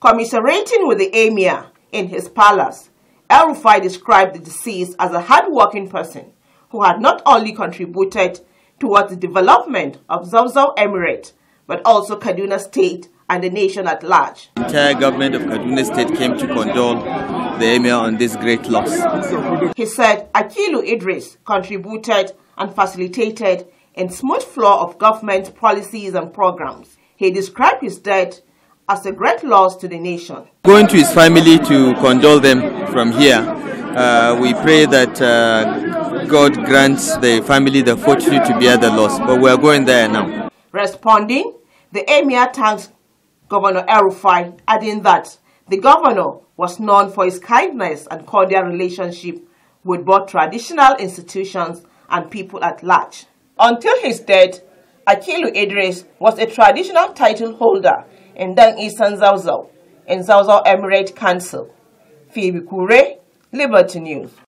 Commiserating with the emir in his palace, El Rufai described the deceased as a hard-working person who had not only contributed towards the development of Zawzaw Emirate, but also Kaduna State and the nation at large. The entire government of Kaduna State came to condole the emir on this great loss. He said Akilu Idris contributed and facilitated in smooth flow of government policies and programs. He described his death as a great loss to the nation. Going to his family to condole them from here, uh, we pray that uh, God grants the family the fortitude to bear the loss. But we are going there now. Responding, the Emir thanks Governor Erufai, adding that the governor was known for his kindness and cordial relationship with both traditional institutions and people at large. Until his death, Akilu Idris was a traditional title holder in Dan Eastern Zauzau in Zauzau Emirate Council. Phoebe Kure, Liberty News.